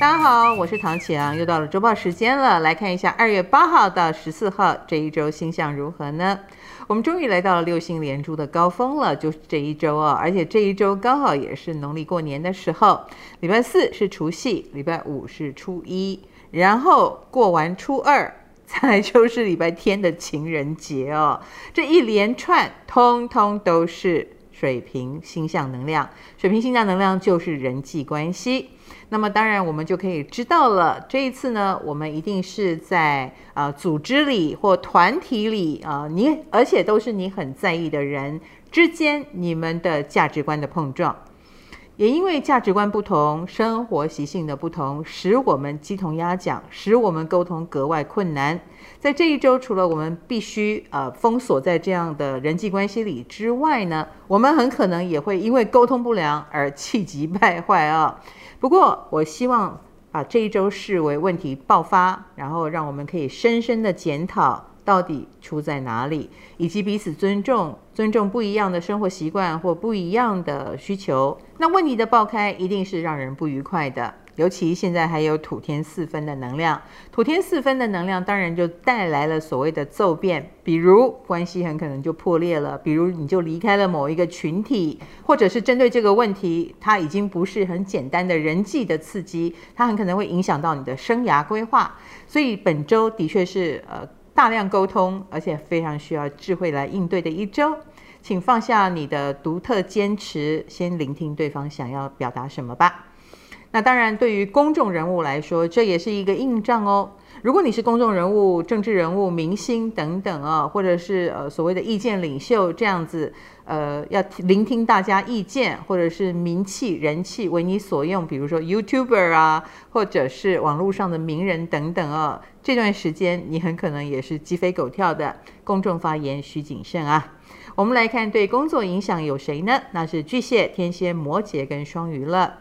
大家好，我是唐綺陽，又到了週報時間了。來看一下二月八號到十四號這一周星象如何呢？我們終於來到了六星連珠的高峰了，就是這一周哦。而且這一周剛好也是農曆過年的時候，禮拜四是除夕，禮拜五是初一，然後過完初二，再就是禮拜天的情人節哦。這一連串通通都是水瓶星象能量，水瓶星象能量就是人際關係。那麼當然，我們就可以知道了。這一次呢，我們一定是在啊、呃、組織裡或團體裡啊、呃，你而且都是你很在意的人之間，你們的價值觀的碰撞。也因為價值觀不同，生活習性的不同，使我們雞同鴨講，使我們溝通格外困難。在這一周，除了我們必須呃封鎖在這樣的人際關係裡之外呢，我們很可能也會因為溝通不良而氣急敗壞啊、哦。不過，我希望把這一周視為問題爆發，然後讓我們可以深深的檢討。到底出在哪裡，以及彼此尊重、尊重不一樣的生活習慣或不一樣的需求，那問題的爆開一定是讓人不愉快的。尤其現在還有土天四分的能量，土天四分的能量當然就帶來了所謂的驟變，比如關係很可能就破裂了，比如你就離開了某一個群體，或者是針對這個問題，它已經不是很簡單的人際的刺激，它很可能會影響到你的生涯規劃。所以本周的確是呃。大量溝通，而且非常需要智慧來應對的一周，請放下你的獨特堅持，先聆聽對方想要表達什麼吧。那當然，對於公眾人物來說，這也是一個硬仗哦。如果你是公眾人物、政治人物、明星等等啊，或者是呃所謂的意見領袖這樣子，呃，要聆聽大家意見，或者是名氣、人氣為你所用，比如說 YouTuber 啊，或者是網絡上的名人等等啊，這段時間你很可能也是雞飛狗跳的。公眾發言需謹慎啊。我們來看對工作影響有誰呢？那是巨蟹、天蠍、摩羯跟雙魚了。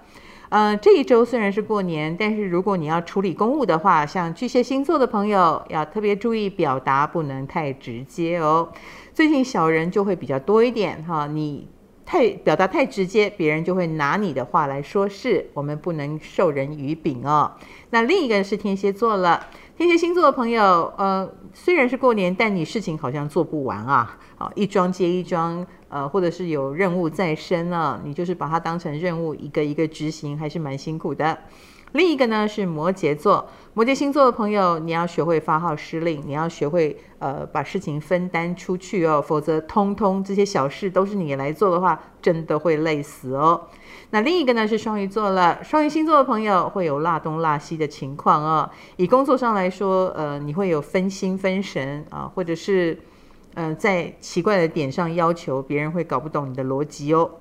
嗯、呃，這一周雖然是過年，但是如果你要處理公務的話，像巨蟹星座的朋友要特別注意表達，不能太直接哦。最近小人就會比較多一點哈，你。太表達太直接，別人就會拿你的話來說事。我們不能授人以柄哦。那另一個是天蠍座了，天蠍星座的朋友，呃，雖然是過年，但你事情好像做不完啊，啊，一樁接一樁，呃、啊，或者是有任務在身呢、啊，你就是把它當成任務，一個一個執行，還是蠻辛苦的。另一個呢是摩羯座，摩羯星座的朋友，你要學會發號施令，你要學會呃把事情分擔出去哦，否則通通這些小事都是你來做的話，真的會累死哦。那另一個呢是雙魚座了，雙魚星座的朋友會有落東落西的情況哦。以工作上來說，呃，你會有分心分神啊，或者是。呃，在奇怪的點上要求別人，會搞不懂你的邏輯哦。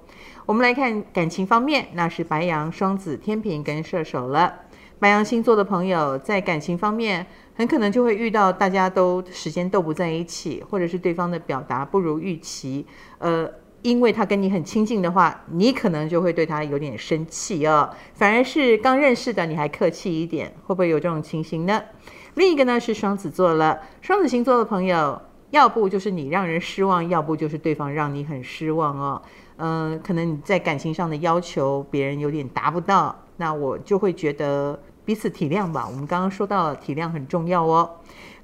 我們來看感情方面，那是白羊、雙子、天秤跟射手了。白羊星座的朋友在感情方面，很可能就會遇到大家都時間都不在一起，或者是對方的表達不如預期。呃，因為他跟你很親近的話，你可能就會對他有點生氣哦。反而是剛認識的，你還客氣一點，會不會有這種情形呢？另一個呢是雙子座了，雙子星座的朋友。要不就是你讓人失望，要不就是對方讓你很失望哦。嗯，可能你在感情上的要求別人有點達不到，那我就會覺得彼此體諒吧。我們剛剛說到體諒很重要哦。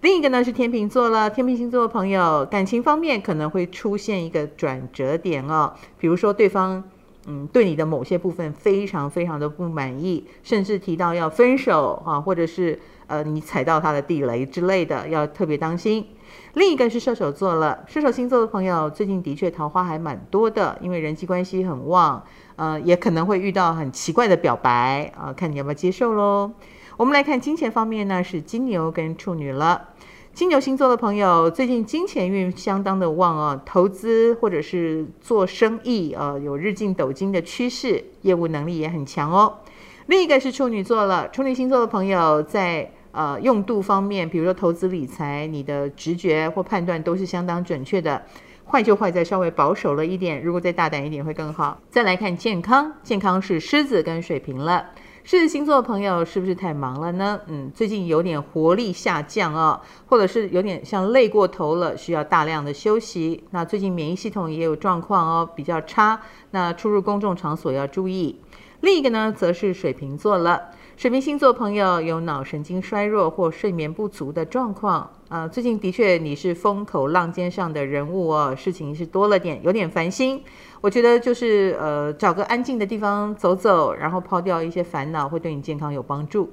另一個呢是天秤座了，天秤星座的朋友，感情方面可能會出現一個轉折點哦。比如說對方，嗯，對你的某些部分非常非常的不滿意，甚至提到要分手啊，或者是。呃，你踩到他的地雷之類的，要特別當心。另一個是射手座了，射手星座的朋友最近的確桃花還蠻多的，因為人際關係很旺，呃，也可能會遇到很奇怪的表白啊，呃，看你要不要接受嘍。我們來看金錢方面呢，是金牛跟處女了。金牛星座的朋友最近金錢運相當的旺哦，啊，投資或者是做生意，呃，有日進斗金的趨勢，業務能力也很強哦。另一個是處女座了，處女星座的朋友在。呃，用度方面，比如說投資理財，你的直覺或判斷都是相當準確的。壞就壞在稍微保守了一點，如果再大膽一點會更好。再來看健康，健康是獅子跟水瓶了。獅子星座朋友是不是太忙了呢？嗯，最近有點活力下降哦，或者是有點像累過頭了，需要大量的休息。那最近免疫系統也有狀況哦，比較差。那出入公眾場所要注意。另一個呢，則是水瓶座了。水瓶星座朋友有腦神經衰弱或睡眠不足的狀況。呃，最近的確你是風口浪尖上的人物哦，事情是多了點，有點煩心。我覺得就是呃，找個安靜的地方走走，然後拋掉一些煩惱，會對你健康有幫助。